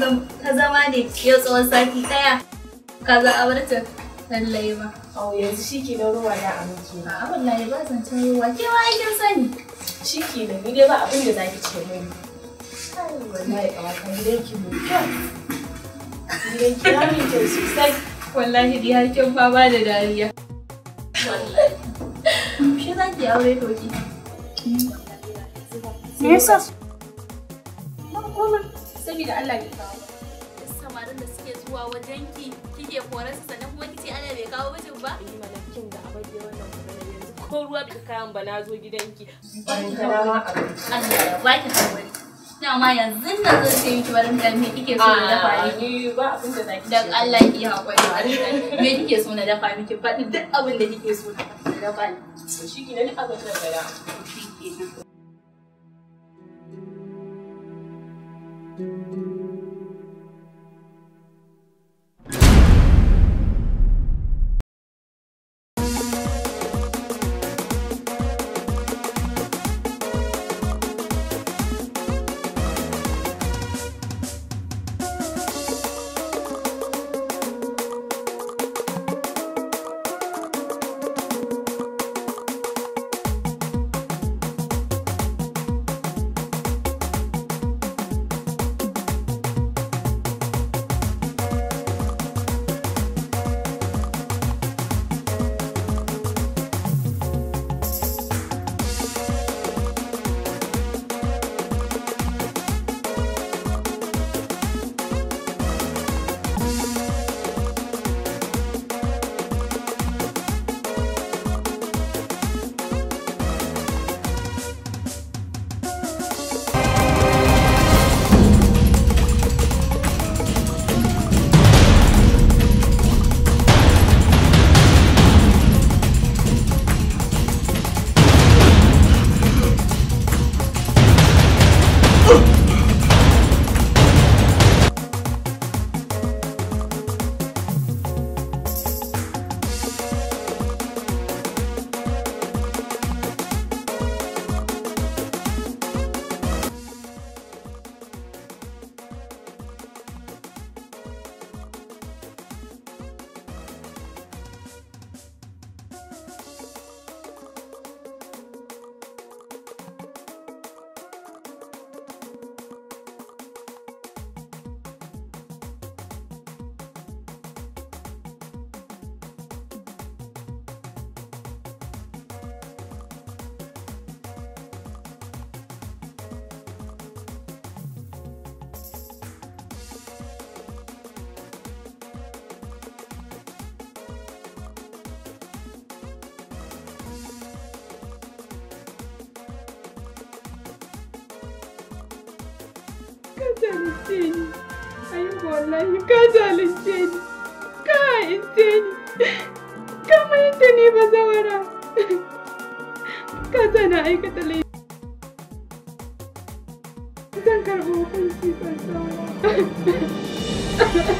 ta zama ne yau tsawon sati ɗaya ka za a barta lallai ba. Au yanzu shi ke da ruwa na amince. A abin na ba zan can ruwa ke ma aikin sani. Shi ke da ni dai ba abin da zaki ki ce mani. Wallahi ƙawata gidanki mai kyau. Gidanki ya mai kyau sosai. Wallahi dai har kyan fama da dariya. Wallahi. Shi za ki aure to Me yasa? su sannan kuma kice ana bai kawo mijin ba eh mana kin da abai da wannan yanzu ko ruwa kayan ba gidanki ban Allah ba ki hakuri na ma yanzu na zo ce miki barin da me kike so na dafa ni ba abin da zaki dan Allah ki hakuri me kike so na dafa miki faɗi duk abin da kike so na dafa ni shi ne ni aka tsara zalunce ni ayuba wallahi ka zalunce ni ka ha'ince ka mayar da ni bazawara ka zana aikata laifi zan karɓi hukunci ban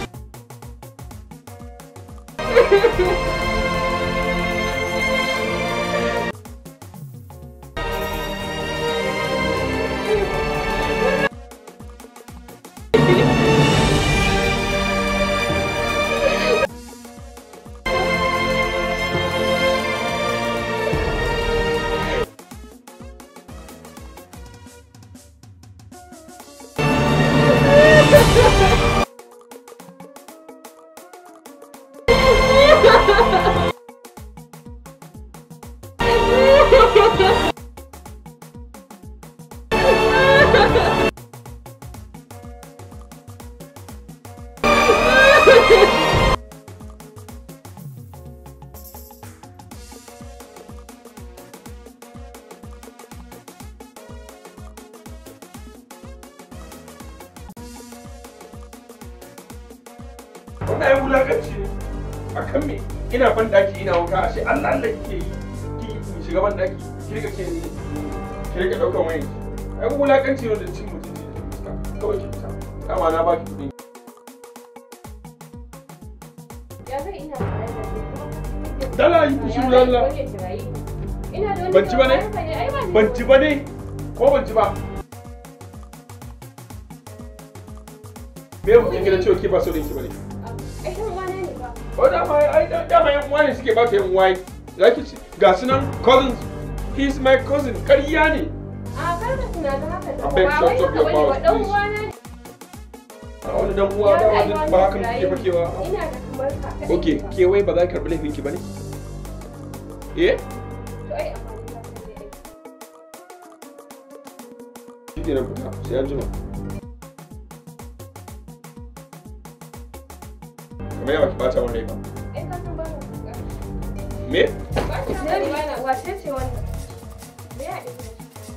daki na wanka ashe Allah Allah yi shiga ban daki ki ke ki rika daukan wayan ki ai wulakanci ne da cin mutunci da fuska kawai ki fita dama na kuɗi Dala yi ku shiru Allah. Ban ci ba ne? Ban ci ba ne? Ko ban ci ba? Me yau kike cewa ki ba so ki ko da ma ai da ma suke ba ta yan wai zaki ci ga sunan cousins he is my cousin ƙarya ne a kar ka tunanin haka ta, ba wai haka bane dan uwana ne a wani dan uwa da wani ba haka ke fakewa ina da kamar ka okay ke ba za ki karɓi laifin ki bane eh to ai amma ni ba sai an me ya baki bata wani ba eh, me wace ce wannan me ya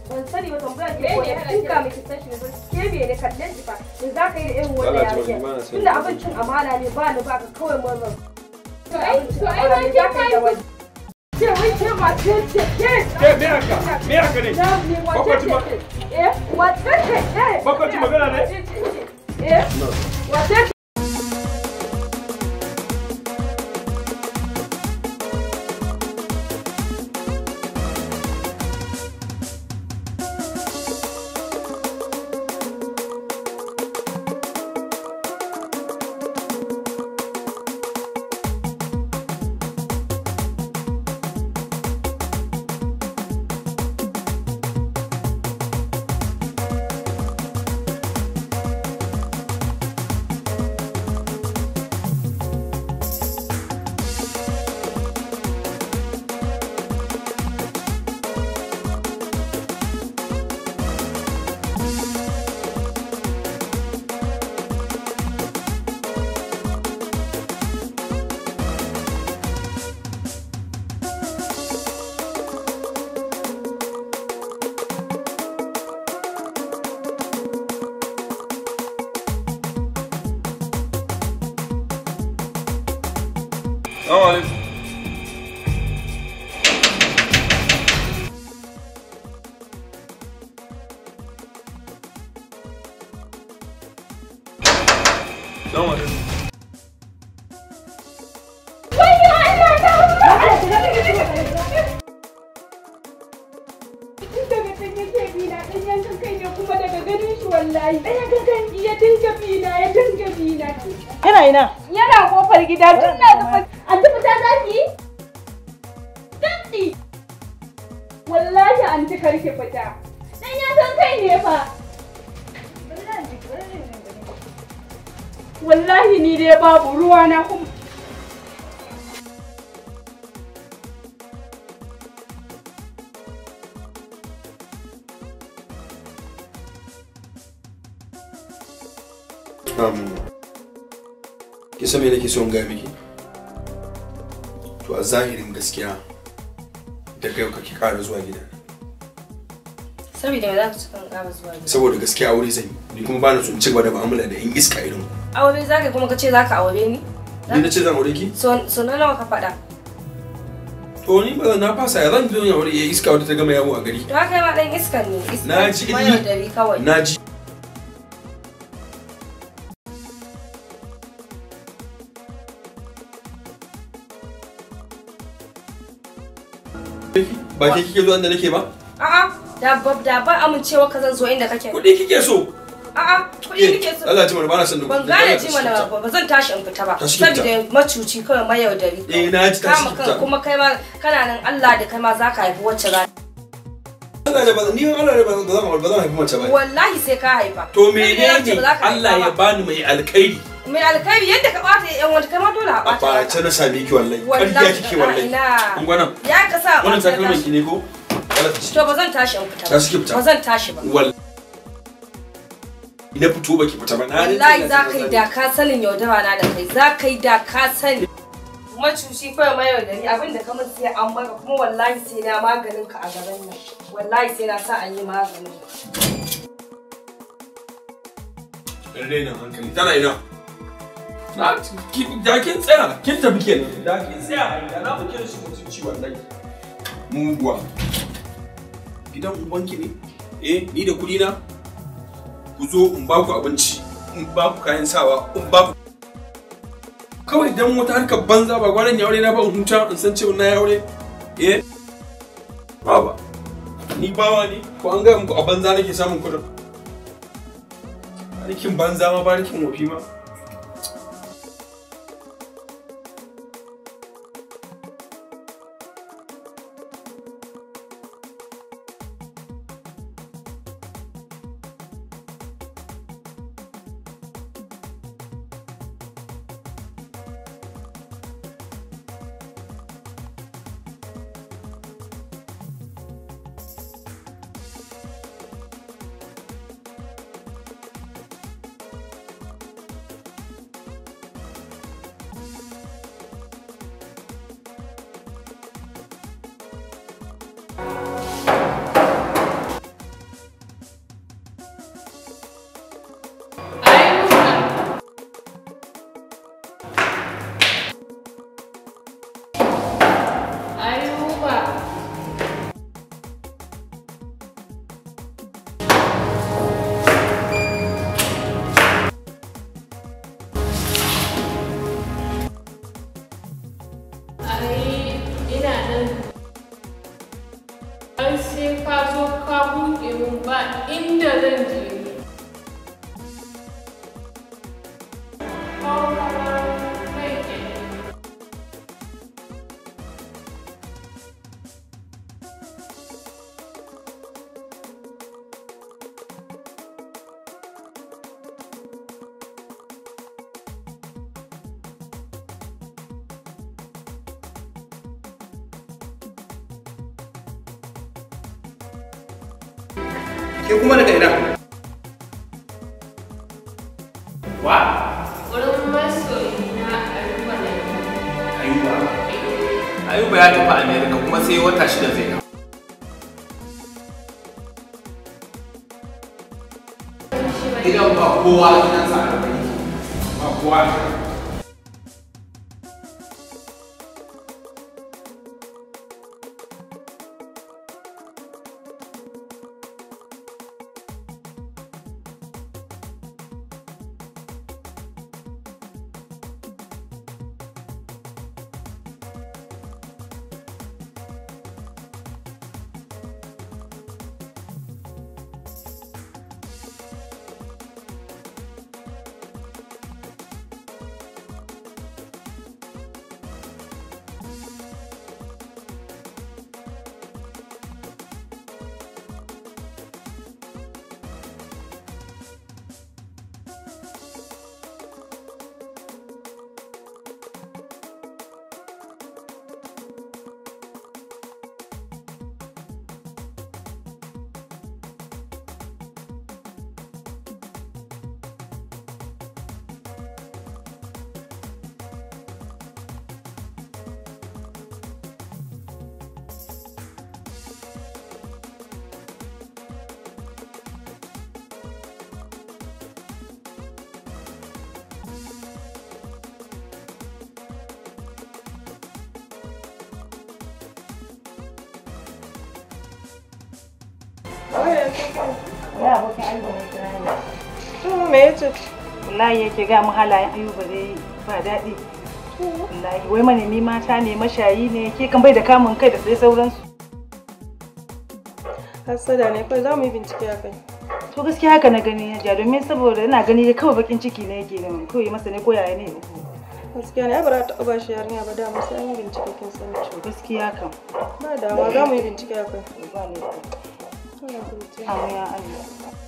ban sani ba tambaya ke ko ya tuka miki sashi ba ke be ne kallon da irin wannan yarinya tunda abincin amana ne ba ni ba kawai murmur to ai to ai ba ki kai ce ce ke ke ne bakwaci ma ce eh magana ne matsi wallahi an ci karki fita dan ya san kai ne fa wallahi ni dai babu ruwa na kuma um, Ki san me nake son ga miki? To a zahirin gaskiya daga yau kake ƙara zuwa gida saboda ba za ka cika zuwa gida saboda gaskiya aure zan yi ni kuma ba na so in ci gaba da mu'amala da yan iska irin aure za ka kuma ka ce za ka aure ni ni na ce zan aure ki so na nawa ka faɗa to ni ba na fasa ya zan zo ya aure ya iska wata ta gama yawo a gari to haka ma dan iska ne iska na ji na ji Ba ke kike zuwa inda nake ba? A'a, da ba da ba amincewa ka zan zo inda kake. Kuɗi kike so? A'a, kuɗi kike so. Allah ji mana ba na son Ban gane ji mana ba, ba zan tashi in fita ba. Saboda macuci kawai mayaudari. Eh, na ji tashi fita. Kuma kai ma kana nan Allah da kai ma za ka haifi wacce rana. Allah ne ba ni Allah ne ba zan ba zan haifi mace ba. Wallahi sai ka haifa. To menene Allah ya bani mai alkhairi? mai alkhairi yadda ka bata yan wata kai ma dole a bata a bace na sami ki wallahi ƙarfiya kike wallahi kun gwana ya ka sa wannan takalman ki ne ko to ba zan tashi an fita ba ba zan tashi ba wallahi na fito baki fita ba na wallahi za ka yi da ka sanin yaudara na da kai za ka yi da ka sani macuci kawai mai yaudari abin da ka mun sai an baka kuma wallahi sai na maganin ka a gaban nan wallahi sai na sa an yi maganin Renan hankali tana ina Da kin tsaya, kin tafi kenan. Da kin tsaya, da na fi shi mutunci wallahi. Muguwa. Gidan ubanki ne? Eh, ni da kuɗi na? Ku zo in ba ku abinci, in ba ku kayan sawa, in ba ku kawai dan wata harka banza ba gwanan ya aure na ba in huta in san cewa na ya aure eh ba ni bawa ne ko an gaya muku a banza nake samun kudin barikin banza ma ba barikin wofi ma ke kuma daga ina wa ayuba ayuba ya tafi america kuma sai wata shida zai dawo gidan ba kowa gidan sa ba kowa Ya abokin ayuba ne kira ne. To me yake ga mu halayen ayuba dai ba daɗi. Wallahi wai manemi mata ne mashayi ne ke kan bai da kamun kai da sai sauransu. Hassada ne kai za mu yi bincike a kai. To gaskiya haka na gani ya domin saboda ina gani dai kawai bakin ciki ne yake da kawai masa ne ko yaya ne. Gaskiya ne ya za ta ba shi yarinya ba da sai an yi bincike kin sani. Gaskiya kam. Ba dawa za mu yi bincike a kai. Ba ne. 好呀，阿姨。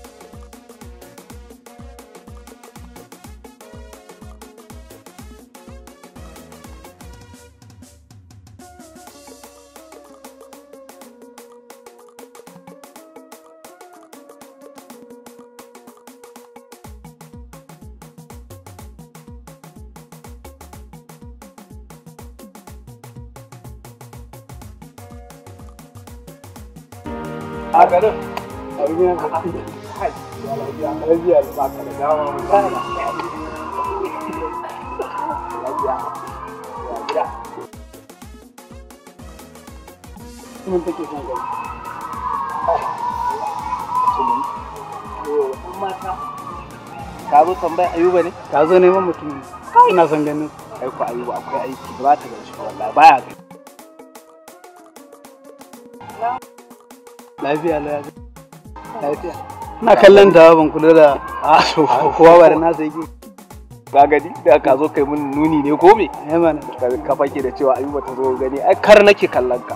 garin abin yana da kai lafiya da ba ka ka zo ayuba ne ka zo neman mutum ina son ganin aiko ayuba akwai aiki ba ta wallahi baya gani lafiya lafiya lafiya ina kallon ta ban kula da a so kowa bare na sai ke da ka zo kai mun nuni ne ko me ka fake da cewa ayuba ta zo gani ai kar nake kallon ka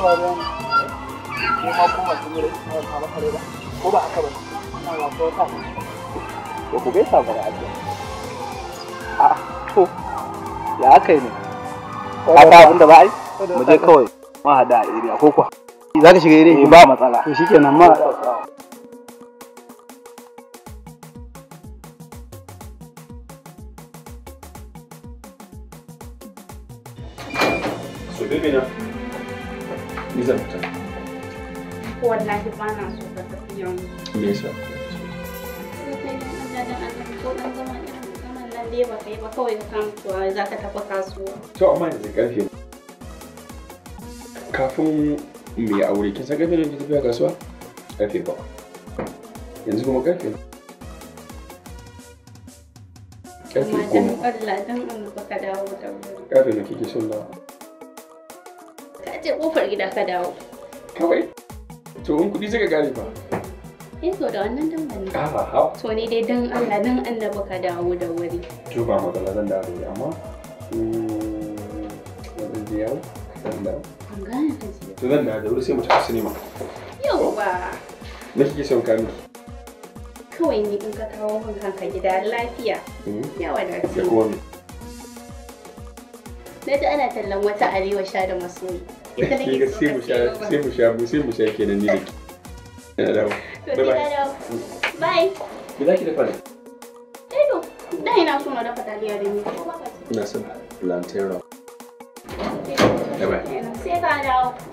faruwa ne ke ma ba kuma rai kuma ba ba ko ba ba ina ba ko ba ku ba da a to ya aka ne a abin da ba je kawai a ko kuwa za ka shiga ba matsala to zafta ko wallahi ba na so ka tafi yau me yasa to amma yanzu kafin mai aure kin san karfe ne ki tafiya kasuwa ƙarfe ba yanzu kuma karfe karfe Ƙarfe Allah Ƙarfe da ne kike son dawo je kofar gida ka dawo. Kawai? To in kuɗi zai gane ba. Eh to da wannan dan bane. To ni dai dan Allah dan ba ka dawo da wuri. To ba magana zan dawo da amma. Wannan mm, da yau zan dawo. An To zan dawo da wuri sai mu tafi sinima. Yau ba. Me kike son ka miki? Kawai ni in ka kawo min kanka gida lafiya. Mm. Yawa da ce. Da kuma Na ji ana tallan wata arewa sha da masoyi. Kin sai mu sha sai mu sha kenan ni da dawo. Bye bye. Bye. dafa ne? Eh da ina so na dafa taliya da ni. Ina son plantain rock. Bye bye. Sai ka dawo.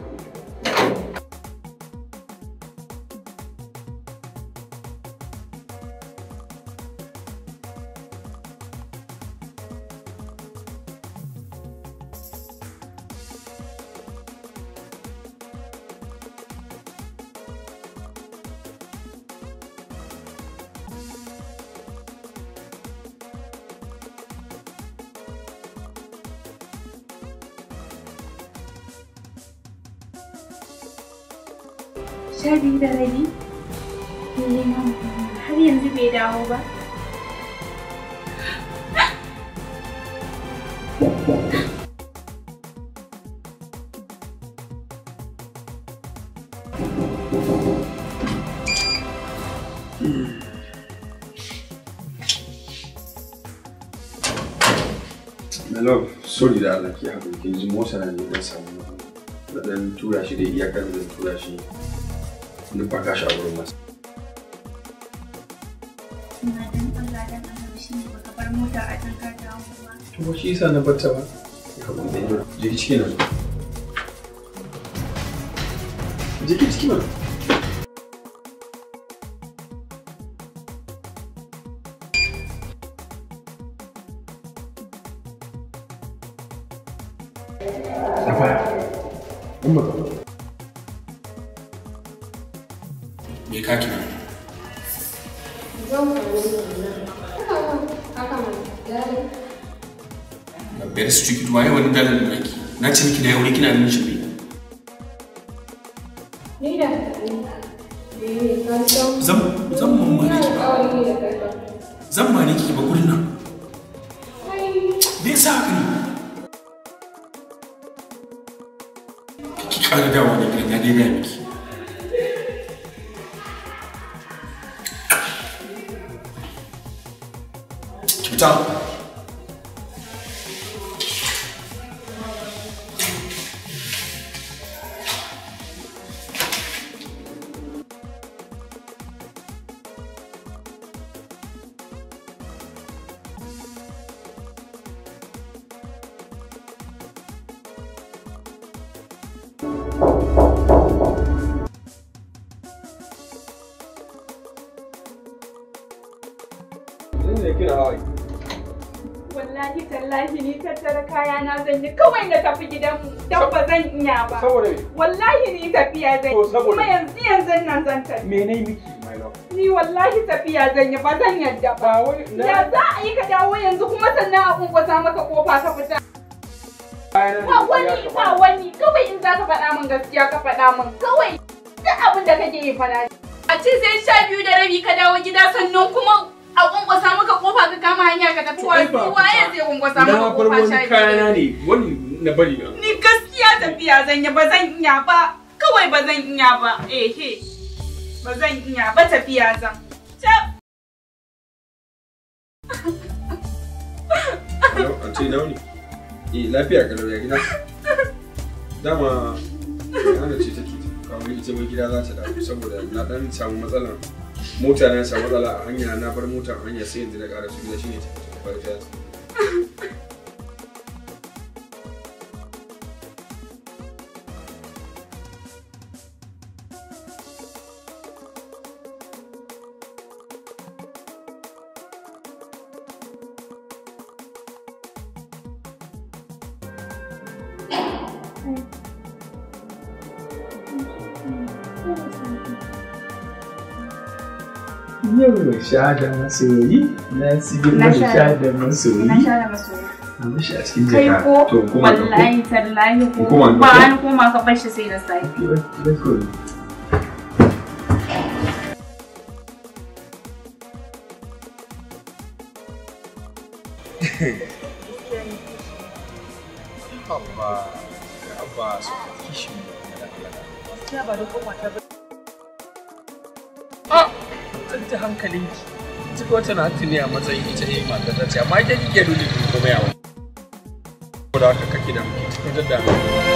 sha biyu da rabi har yanzu bai dawo ba My love, sorry da Allah ke hakan ke motsa na ne don samun na tura shi da iyakar da tura shi ka kullum ba shi a wurin masu. Kuma shi yasa na bata ba. Kamar da yi jiki ciki na. Jiki ciki mana. ina eh, Zan zan mun ki ba. Zan ma ki ba gurin nan. Me yasa haka ne? Ki da ya hanya ba. Saboda me? Wallahi ni tafiya zan yi. Kuma yanzu yanzu nan zan tafi. Me ne miki my love? Ni wallahi tafiya zan yi ba zan yadda ba. Ya za a yi ka dawo yanzu kuma sannan a kunkwasa maka kofa ka fita. Ba wani ba wani kawai in za ka faɗa min gaskiya ka faɗa min kawai duk abin da kake yi fana. A ce sai sha biyu da rabi ka dawo gida sannan kuma a kunkwasa maka kofa ka kama hanya ka tafi wa waye zai kunkwasa maka kofa sha biyu. Na farko kayana ne wani na bari na. ya tafiya zan yi ba zan iya ba kawai ba zan iya ba ehe ba zan iya ba tafiya zan a ce nauni eh lafiya ka ya gida dama ana ce take kawai ita mai gida za ta dawo saboda na dan samu matsala, mota na samu matsala a hanya na bar mota a hanya sai yanzu na ƙara su gida shine ta fara ta yau sha da masoyi na sigi na sha da masoyi na sha da masoyi a mashi cikin jaka to wallahi tallahi ko ba an koma ka bashi sai da safe hankalin ki duk wata na tuni a matsayin ita ne mata ta ce amma ke kike dole ki kuma yawa ko da haka kake da mutum da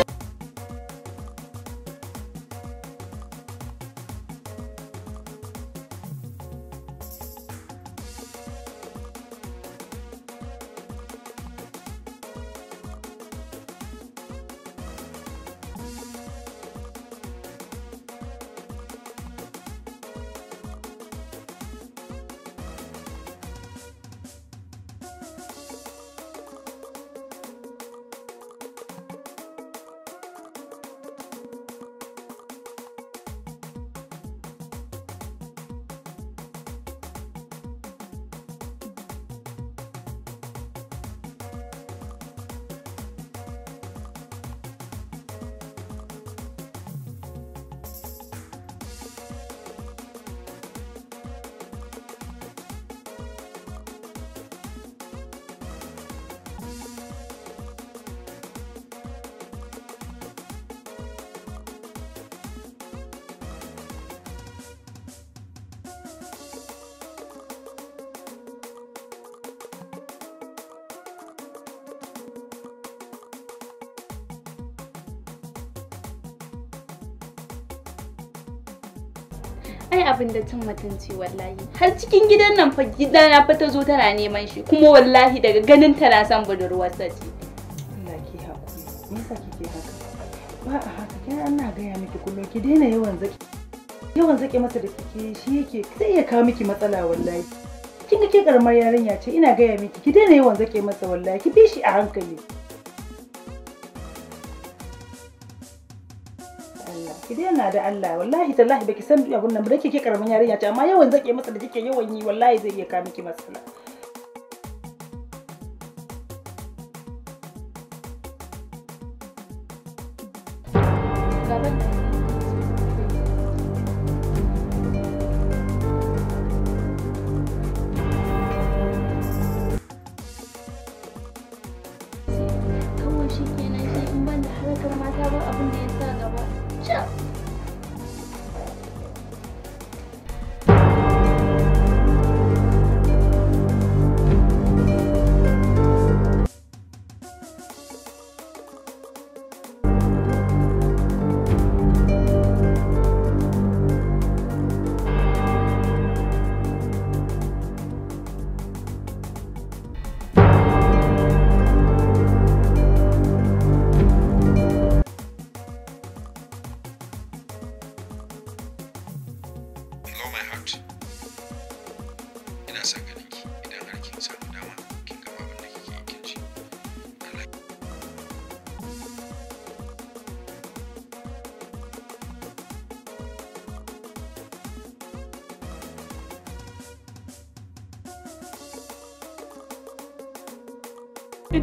ai abin da cin mutunci wallahi har cikin gidan nan fa gida na fa ta zo tana neman shi kuma wallahi daga ganin ta na son budurwar sa ce Allah ke hakuri me kike haka ba a haka kin ana gaya miki kullum ki daina yawan zaki yawan zaki masa da kike shi yake sai ya kawo miki matsala wallahi kin ga ke karamar yarinya ce ina gaya miki ki daina yawan zaki masa wallahi ki bi shi a hankali ki daina da Allah wallahi tallahi baki san abun nan ba dake ke karamin yarinya ce amma yawan zake masa da kike yawan yi wallahi zai iya ka miki matsala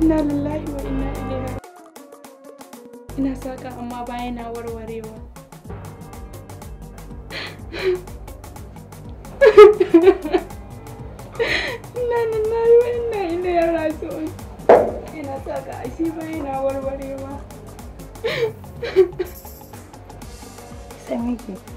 inna lillahi wa inna ilaihi ina saka amma baya na warwarewa inna lillahi wa inna ilaihi raji'un ina saka ashe baya na warwarewa sai muke